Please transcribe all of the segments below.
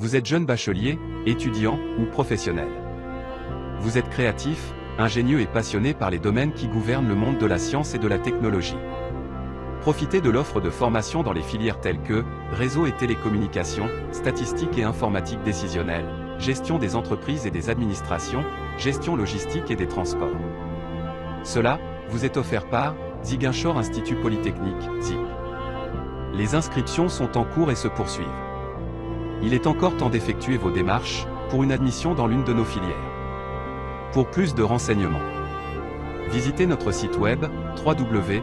Vous êtes jeune bachelier, étudiant ou professionnel. Vous êtes créatif, ingénieux et passionné par les domaines qui gouvernent le monde de la science et de la technologie. Profitez de l'offre de formation dans les filières telles que réseau et télécommunications, statistiques et informatique décisionnelle, gestion des entreprises et des administrations, gestion logistique et des transports. Cela vous est offert par Ziguinchor Institut Polytechnique, ZIP. Les inscriptions sont en cours et se poursuivent. Il est encore temps d'effectuer vos démarches pour une admission dans l'une de nos filières. Pour plus de renseignements, visitez notre site web www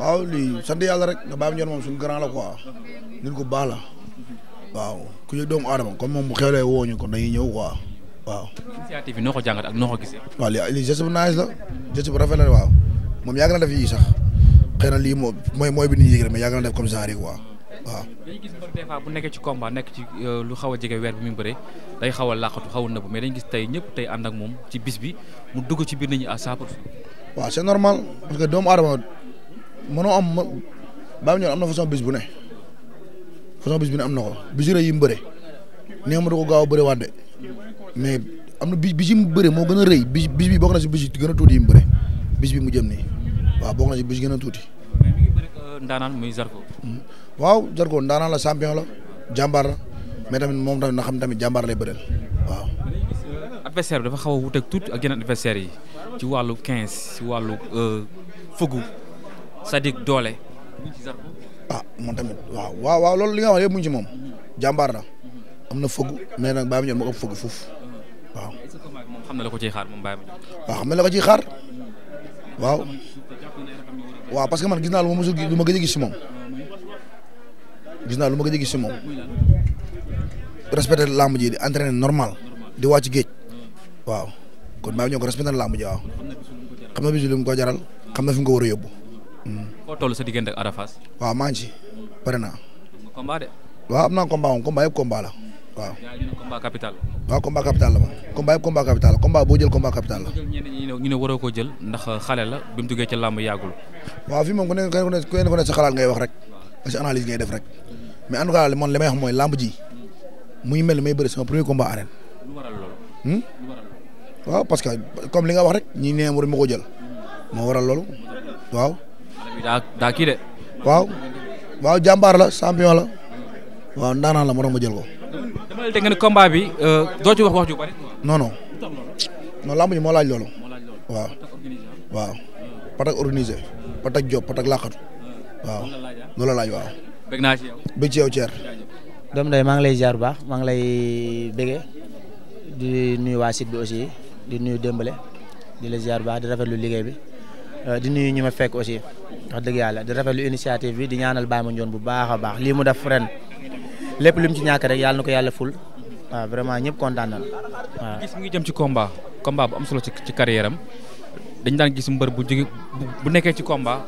waaw lii sant yàlla rek nga Baye Mandione moom suñu grand la quoi nit ku baax la waaw ku yëg doomu aadama comme moom bu xewlee woo ñu ko dañuy ñëw quoi waaw. initiative yi noo ko jàngat ak noo ko gisee. waaw lii lii geste la moom yàgg na def yii sax xëy na lii moom mooy mooy bi ñu yëg rek mais yàgg na def comme genre yi quoi. waaw dañuy gis bu nekkee ci combat nekk ci euh, lu xaw a jege weer bi muy bëre day xaw a làqatu xaw a nëbb mais dañ gis tey ñëpp tey ànd ak moom ci bis bi mu dugg ci biir nit ñi à 100 pour waaw c'est normal parce que doomu mënoo am ma Baye Mandione am na façon bis bu ne façon bis bu ne am na ko bisu rëy yi mu bëre nee ma da gaaw a bëre wànde mais am na bis bis yi mu bëre moo gën a rëy bis bis bi bokk na si bis yi gën a tuuti yi mu bëre bi mu jëm nii waaw bokk na si bis gën a tuuti. mais mi ngi bëre euh, ndaanaan muy Zarko. Hmm. waaw Zarko ndaanaan la champion la jàmbaar la mais tamit moom tamit na xam tamit jàmbaar lay bëreel waaw. adversaire bi dafa xaw a wuteeg tuuti ak yeneen adversaires yi ci wàllu quinze ci wàllu euh, fëggu. c'est-à-dire doole. ah moom tamit waaw waaw waaw loolu li nga wax yëpp mu ci moom jàmbaar la am na fëgg mais nag Baye foofu xam na la ko ciy xaar moom Baye Mandione. waaw xam na waaw parce que man gis naa lu ma mosul lu ma gëj gis si moom gis naa lu ma gëj gis si moom respecté làmb ji di entraîné normal di wàcc géej waaw kon Baye Mandione ko respecté làmb ji waaw xam na bisu lu mu ko jaral xam na fi mu ko war a yóbbu. foo toll sa diggante ak Ada Fass. waaw maa ngi ci pare naa. combat de. waaw am naa combat moom combat yëpp combat la waaw. yaa ngi combat capital. waaw combat capital la moom combat yëpp combat capital la combat boo jël combat capital la. ñenn ñi ñu ne waroo koo jël ndax xale la bi mu duggee ci làmb yàggul. waaw fii moom ku ne ku ne sa xalaat ngay wax rek parce que analyse ngay def rek mais en tout cas man li may wax mooy làmb ji muy mel ni may bëri sama premier combat arène. lu waral loolu. Hmm? lu waral loolu. waaw parce que comme li nga wax rek ñi nee ma ko jël moo waral loolu waaw. kii de. waaw waaw jàmbaar la champion la waaw ndaanaan la moo ma jël ko. dama la dégg bi euh, doo ci wax wax ju ji moo laaj loolu. waaw patak organisé patak job patak laqatu euh, waaw loolu ah. laaj waaw. bëgg naa ci yow bëgg ci day maa ngi lay jaar bu baax maa ngi lay bëggee di nuyu waa site bi aussi di nuyu Dembélé di la ziar bu baax di rafetlu liggéey bi. Euh, di nuyu ñi ma fekk aussi wax dëgg yàlla di rafetlu initiative bi di ñaanal Baye Mandione bu baax a baax lii mu def ren lépp li mu ci ñàkk rek yàlla na ko yàlla ful waaw vraiment ñëpp kontaan nañu ci combat combat bu am solo ci ci carrière am dañu daan gis mbër bu jóge bu nekkee ci combat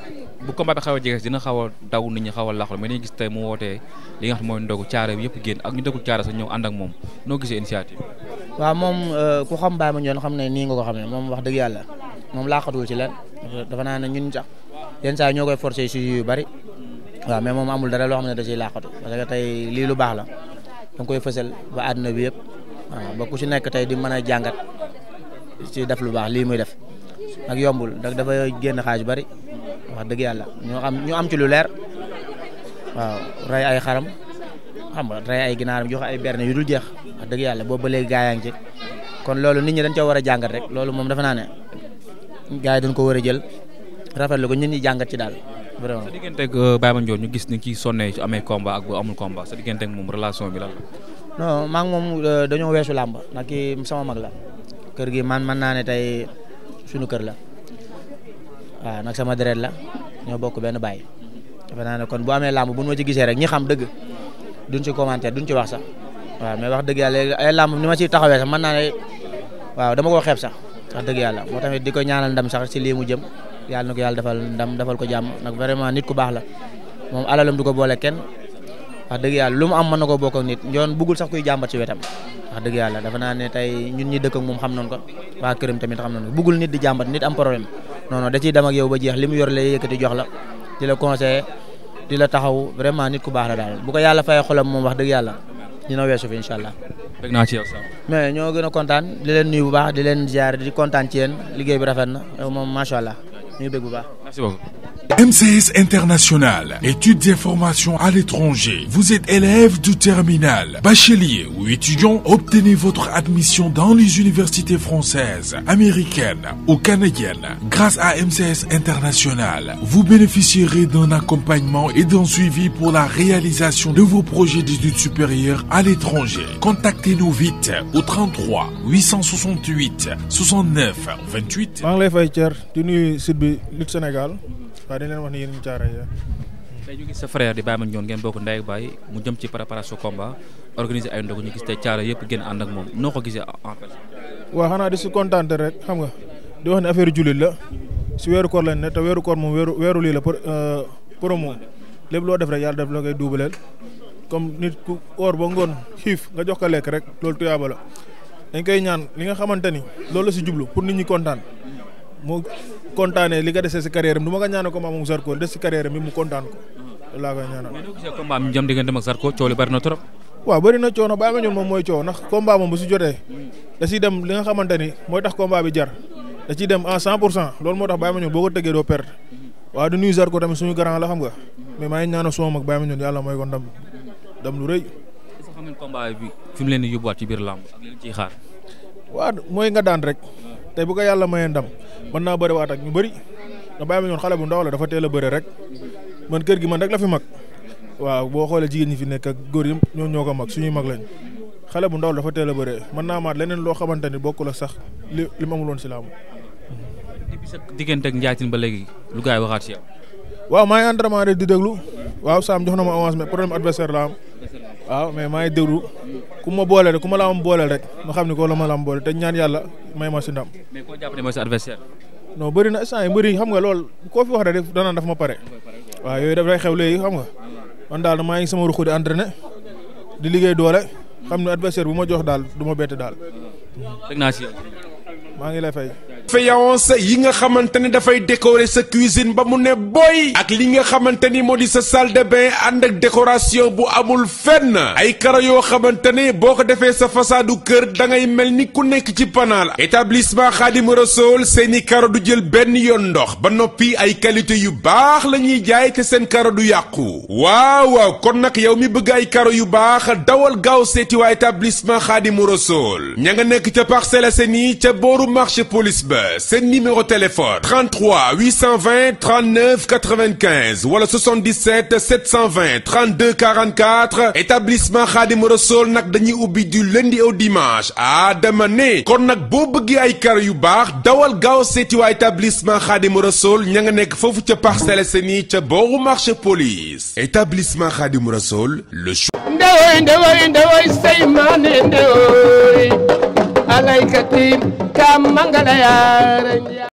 bu combat bi a jege dina xaw daw nit xaw a laxul gis tey mu wootee li nga xam mooy ndogu caare bi yëpp génn ak ñu dëkkul caare sax ñëw ànd ak moom noo gisee initiative. waaw moom euh, ku xam Baye Mandione xam ne nii nga ko xam ne moom wax dëgg yàlla moom laaxatul ci lenn dafa naa ne ñun sax yenn saa ñoo koy forcé si yu bari waaw mais moom amul dara loo xam ne da ciy làqatu parce tey lii lu baax la da nga koy fësal ba àdduna bi yëpp waaw ku si nekk tey di mën a jàngat si def lu baax lii muy def nag yombul ndax dafa génn xaaj bari wax dëgg yàlla ñoo am ñu am ci lu leer waaw rey ay xaram xam nga rey ay ginaaram joxe ay berne yu dul jeex wax dëgg yàlla boobu ba léegi gaa yaa ngi ci kon loolu nit ñi dañ ca war a jàngat rek loolu moom dafa gaay dañ ko wara a jël rafetlu ko ñun ñi jàngat ci daal vraiment. sa digganteeg euh, Baye Mandione ñu gis ni ki sonné ci amé combat ak bu amul combat sa ak mom relation bi lan la. non ma ak mom euh, dañu wéssu làmb nak kii sama mag la kër gi man man naa tay suñu kër la ah nak sama dérèt la ño bokk ben baay dafa naa kon bu amé làmb bu ñu ci gisé rek ñi xam dëgg duñ ci commenter duñ ci wax sax waaw mais wax dëgg yàlla ay lamb ni ma ci taxawee sax man naa ne waaw dama ko xeeb sax wax deug yalla mo tamit diko ñaanal ndam sax ci lii mu jëm yalla nako yalla defal ndam defal ko jam nak vraiment nit ku bax la mom alalam duko bolé boole kenn wax dëgg yàlla lu mu am man nako bokk nit ñoon bugul sax kuy jàmbat ci wétam wax deug yalla dafa na né tay ñun ñi dekk ak mom xam nañ ko wa kërëm tamit xam nañ ko bugul nit di jàmbat nit am problème non non da ci dam ak yow ba jeex limu yor la yëkëti jox la dila conseiller dila taxaw vraiment nit ku bax la dal bu ko yalla fay xolam mom wax dëgg yàlla dina wéssu fi inshallah dégg naa mais ñoo gën a kontaan di leen nuyu bu baax di leen ziar di kontaan ci yéen liggéey bi rafet na moom macha allah ñu ngi bég bu baax. MCS International, études et formations à l'étranger. Vous êtes élève du terminal, bachelier ou étudiant, obtenez votre admission dans les universités françaises, américaines ou canadiennes. Grâce à MCS International, vous bénéficierez d'un accompagnement et d'un suivi pour la réalisation de vos projets d'études supérieures à l'étranger. Contactez-nous vite au 33 868 69 28. maa Faitier, lay fay Sénégal waaw dañ leen wax ni yéen ñu ya ja ñu gis sa frère di Baye Mandione ngeen bokk ndey ak baay mu jëm ci préparation combat organiser ay ndogu ñu gis tey caare yëpp gën ànd ak moom noo ko en fait di si kontaan rek xam nga di wax ne affaire jullit la si weeru koor lañ ne te weeru koor moom weeru weeru lii la promo eh, lépp loo def rek yàlla def la koy duubaleel comme nit ku oor ba ngoon xiif nga jox ko lekk rek loolu tuyaaba la dañ koy ñaan li nga la jublu pour nit ñi moo kontaanee li nga desee si carrière am du ma ko ñaanal combat des si carrière am mu kontaan ko. loolu laa koy ñaanal. na trop. waaw bëri na coono mooy coow ndax combat dem li nga xamante ni mooy tax combat bi jar da ciy dem en cent pour cent loolu moo tax bàyyi ma boo ko tëggee doo perte waaw du nuyu Zarko tamit suñu grand la xam nga mais maa ngi ñaanal suma mag bàyyi ma ñun yàlla mooy ko ndam ndam lu rëy. est bi fi mu leen di yóbbuwaat ci biir làmb ak leen ciy xaar. waaw mooy nga daan rek tey bu ko yàlla mayee ndam man naa bëri waat ak ñu bëri da bàyyi ma ñoon xale bu ndaw la dafa teel a bëri rek man kër gi man rek la fi mag waaw boo xoolee jigéen ñi fi nekk ak góor yi ñoo ñoo ko mag suñuy mag lañ xale bu ndaw la dafa teel a bëree mën naa maat leneen loo xamante ni bokku la sax li li mu loon si laamu. depuis sa diggante ba léegi lu gars yi waxaat si yow. waaw maa ngi di déglu waaw Sam jox na ma avance problème adversaire la am waaw mais maa ngi ku ma boole rek ku ma la am rek ma xam ne ko la ma la am boole te ñaan yàlla may ma si ndam. mais koo jàpp ne mooy sa adversaire. non bëri na instant yi xam nga loolu koo fi wax rek danaan daf ma pare. waaw yooyu dafay xew léegi xam nga man daal maa ngi sama ruq di entraîné di liggéey doole xam ne adversaire bu ma jox daal du ma bett daal. teg naa maa ngi lay fay. faïence yi nga xamante ni dafay décorer sa cuisine ba mu ne boy ak li nga xamante ni moo di sa salle de ànd ak décoration bu amul fenn ay karo yoo xamante ni boo ko defee sa façadu kër da ngay mel ni ku nekk ci panaal établissement Khadim Rassoul seeni karo du jël benn yoon ndox ba noppi ay qualité yu baax la ñuy jaay te seen karo du yàqu waaw waaw kon nag yow mi bëgg ay karo yu baax dawal gaaw seeti waa établissement Khadim Rassoul ña nga nekk ca Parcelles Assainies ca booru marché police Euh, c'est le numéro de téléphone 33 820 39 95 alors 77 720 32 44 établissement Khadim Rassoul nag dañuy ubbi du lundi au dimanche à demain ne kon nag boo bëggee ay yu dawal gaaw seeti à établissement Khadim Rassoul ña nga nekk foofu ca Parcelles marché police établissement Khadim Rassoul le choix. alayka tiim kaam mangala yaara